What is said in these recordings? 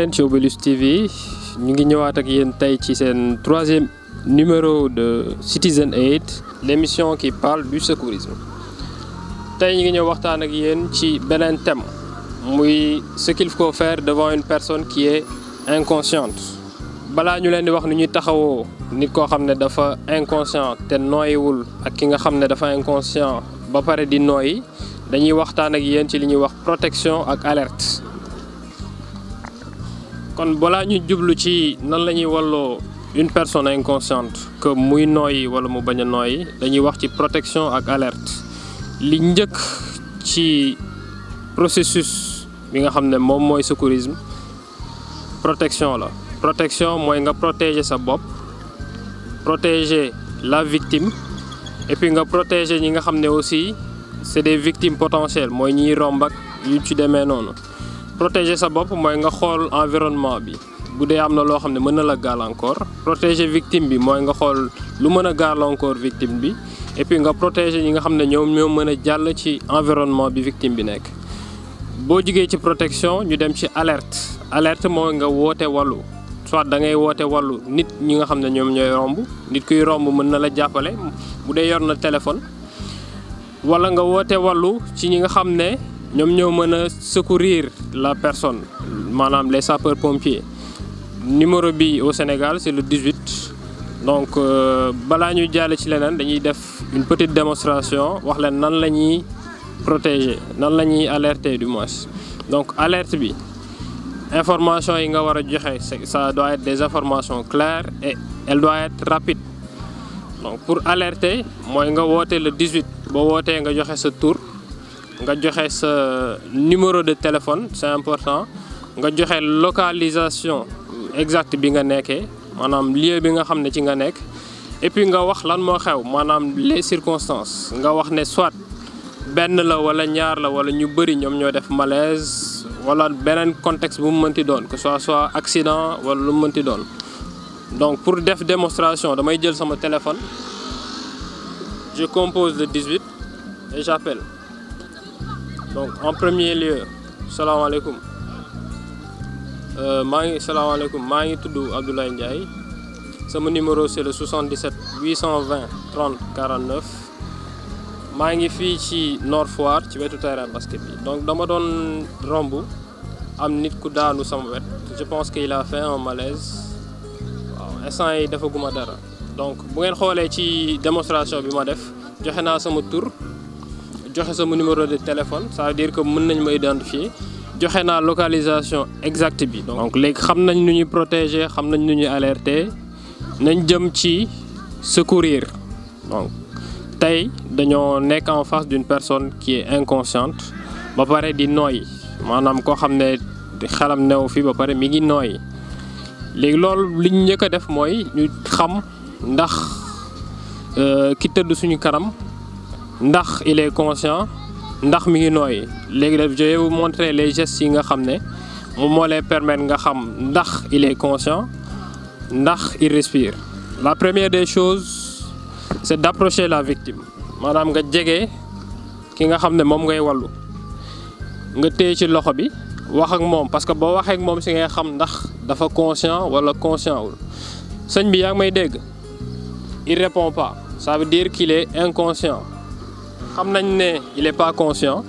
leen Showbiz TV ñu ngi ñëwaat ak yeen tay ci 3e numéro de Citizen Aid l'émission qui parle du secourisme tay ñu ngi ñëw waxtaan ak yeen ci benen thème muy ce qu'il faut faire devant une personne qui est inconsciente bala ñu leen di wax ni ñuy taxawoo nit ko xam dafa inconscient té noyewul ak ki nga xam dafa inconscient ba paré di noy dañuy waxtaan ak yeen ci li ñuy wax protection ak alerte kon voilà ñu jublu ci nan lañuy wallo une personne inconsciente que muy nooyi wala mu baña a dañuy wax ci protection ak alerte li ñëk ci processus bi nga xam mom moy secourisme protection la protection moy nga protéger sa bop protéger la victime et puis nga protéger ñi nga xam aussi c'est des victimes potentielles moy ñi rombak yu ci démé nonou protéger sa bopp mooy nga xool environnement bi bu dee am na loo xam ne mën na la gàllankoor protéger victime bi mooy nga xool lu mën a gàllankoor victime bi et nga protéger ñi nga xam ne ñoom ñoo mën a jàll ci environnement bi victime bi nekk. boo jigee ci protection ñu dem ci alerte alerte mooy nga woote wàllu soit da ngay woote wàllu nit ñi nga xam ne ñoom ñooy romb nit kuy romb mën na la jàppale bu dee yor na téléphone wala nga woote wàllu ci ñi nga xam ne. Nous ñeu secourir la personne les sapeurs pompiers numéro bi au Sénégal c'est le 18 donc euh, balaa ñu une petite démonstration wax lén nan lañuy protéger nan alerter du moins donc alerte bi information ça doit être des informations claires et elle doit être rapide donc pour alerter moy nga woté le 18 Je woté nga ce tour nga joxe sa numéro de téléphone c'est important nga joxe localisation exacte bi nga nekkee manam lieu bi nga xamné ci nga nekk et puis nga wax lan mo xew manam les circonstances nga wax né soit ben la wala ñaar la wala ñu bëri ñom ñoo def malaise wala benen contexte bu mu mënti doon que soit soit accident wala lu mu mënti doon donc pour def démonstration damay jël sama téléphone je compose le 18 et j'appelle donc en premier lieu salam alaikum. Salam salaamaaleykum je Mangi Toudou Abdoulaye Ndiaye Mon numéro c'est le 77 820 30 49 Je suis ici ci Nord Foire ci wetu terrain basket donc dama doon rombo, am nit ku daanu sama je pense qu'il a fait un malaise Il a fait defaguma dara donc si vous regardez ci démonstration bi j'ai def j'ai fait sama tour joxe sama numéro de téléphone ça veut dire que mën nañ ma identifier joxe na localisation exacte bi donc léegi xam nañ ni protéger xam nañ nu alerter nañ jëm ci secourir donc tay dañoo nek en face d'une personne qui est inconsciente ba paré di noy manam ko xamné xalam xelam new fi ba paré mi ngi noy léegi lool li ñëk def moy ñu xam ndax euh, ki teud suñu karam ndax il est conscient ndax mi ngi nooy léegi daf je vais vous montrer les gestes yi nga xam ne moom moo lay permettre nga xam ndax il est conscient ndax il respire la première des choses c'est d'approcher la victime maanaam nga jege ki nga xam ne moom ngay wallu nga téye ci loxo bi wax ak moom parce que boo waxee ak moom si ngay xam ndax dafa conscient wala conscient wul sëñ bi yaa ngi may dégg il répond pas ça veut dire qu'il est inconscient xam nañ il est pas conscient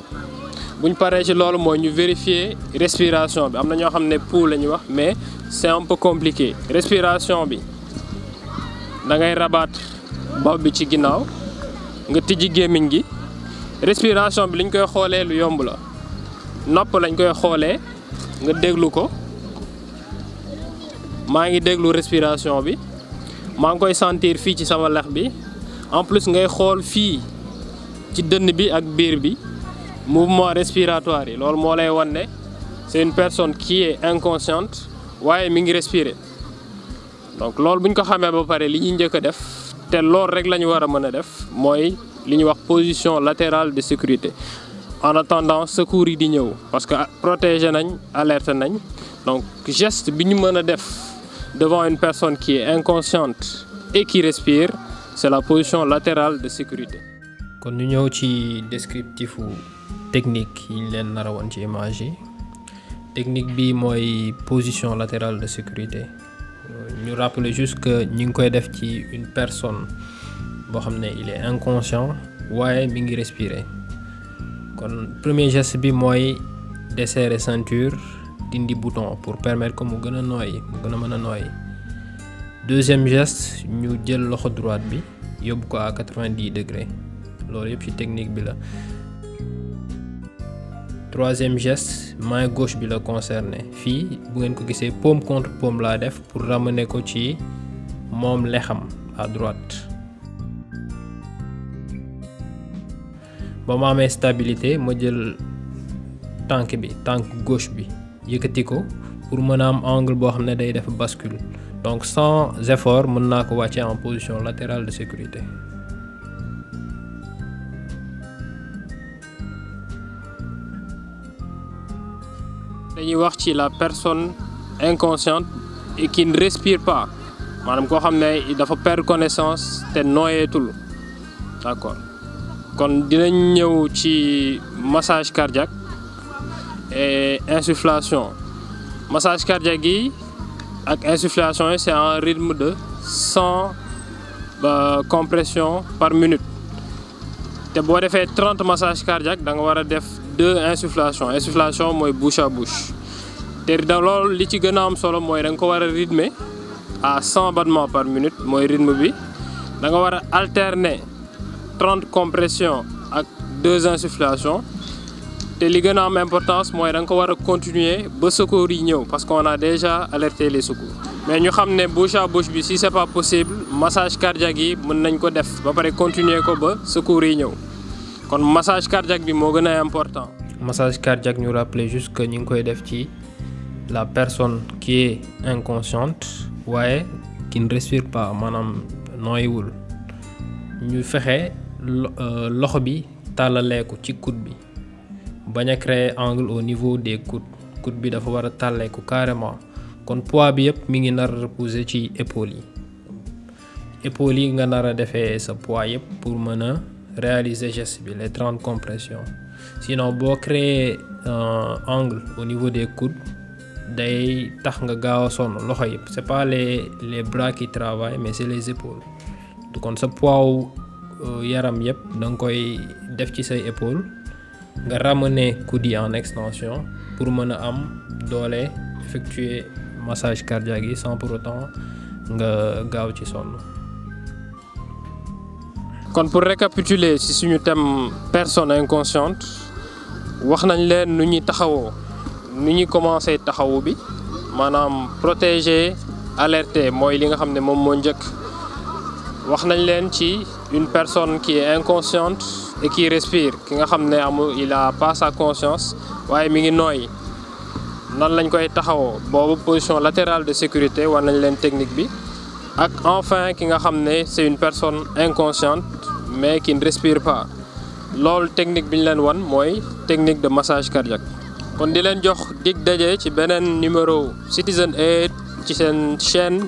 bu ñu paree ci loolu mooy ñu vérifier respiration bi am na ñoo xam ne pouls wax mais c'est un peu compliqué respiration bi da ngay rabaat bopp bi ci ginnaaw nga tijji gémmiñ gi respiration bi liñ koy xoolee lu yomb la nopp lañ koy xolé nga déglu ko ma ngi déglu respiration bi ma ngi koy sentir fi ci sama lex bi en plus ngay xol fi ci dënd bi ak biir bi mouvement respiratoire yi loolu lay c'est une personne qui est inconsciente waaye mi ngi respirer donc loolu que ko xamee ba pare li ñuy njëkk a def te loolu rek la ñu war a mën def mooy li wax position latérale de sécurité en attendant secours yi ñëw parce que protéger nañ alerte nañ donc geste bi ñu mën def devant une personne qui est inconsciente et qui respire c'est la position latérale de sécurité kon ñu ñëw ci descriptif technique yi ñu leen nar a ci image technique bi la position latérale de sécurité ñu rappeler juste que nous ngi koy def une personne boo xam il est inconscient waaye mi ngi respirer kon premier geste bi mooy desserrer ceinture dindi bouton pour permettre que mu gën a nooyi mu deuxième geste est jël loxo droite bi à 90 degrés loolu yëpp ci technique bi la troisième geste main gauche bi la concerné fi bu ngeen ko gisee paume contre paume la def pour ramener ko ci mom lexam à droite ba ma une stabilité ma jël tank bi tank gauche bi yëkkati ko pour mën angle bo day def bascule donc sans effort je naa ko wàcce en position latérale de sécurité la personne inconsciente et qui ne respire pas Il il xam faut perdre connaissance et tout, d'accord kon dinañ un massage cardiaque et insufflation massage cardiaque et insufflation c'est un rythme de 100 euh, compressions par minute Tu as fait 30 massages cardiaques deux insufflation bouche à bouche et dans l'autre, li ci gëna am solo rythmer à 100 battements par minute moy rythme bi da alterner 30 compressions à deux insufflations et li gëna am importance moy continuer ba secours yi parce qu'on a déjà alerté les secours mais nous xamné que bouche à bouche bi si c'est pas possible massage cardiaque yi mën nañ ko def continuer ko ba secours yi kon massage cardiaque bi moo gën important. massage cardiaque nous rappelle juste que nous ngi koy def ci la personne qui est inconsciente waaye qui ne respire pas maanaam avons ñu fexe euh, loxo bi tàllaleeku ci coude bi bañ a créer angle au niveau des coudes coude bi dafa war a tàlleeku carrément kon poids bi yëpp mi ngi nar a reposer ci épaules yi épaules yi nga nar a defee sa poids yëpp pour mën réaliser geste les 30 compressions sinon beau créer un angle au niveau des coudes day tax nga c'est pas les les bras qui travaillent mais c'est les épaules Donc on poids wu euh, yaram yep da koy def épaules ramener les en extension pour pouvoir am effectuer massage cardiaque sans pour autant nga gaaw kon pour récapituler ci suñu thème personne inconsciente wax nañ leen nu ñuy taxawoo nu ñuy commencé taxawu bi maanaam protéger alerter mooy li nga xam ne moom moo njëkk wax nañ leen ci une personne qui est inconsciente et qui respire ki nga xam ne amul il a pas sa conscience waaye mi ngi nooy nan lañ koy taxawoo boobu position latérale de sécurité war nañ leen technique bi et enfin ki c'est une personne inconsciente mais qui ne respire pas la technique technique de massage cardiaque kon di leen jox dig numéro Citizen Aid ci chaîne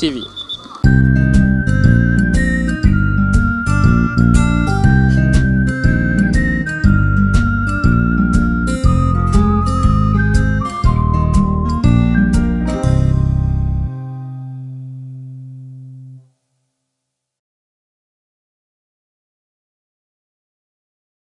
TV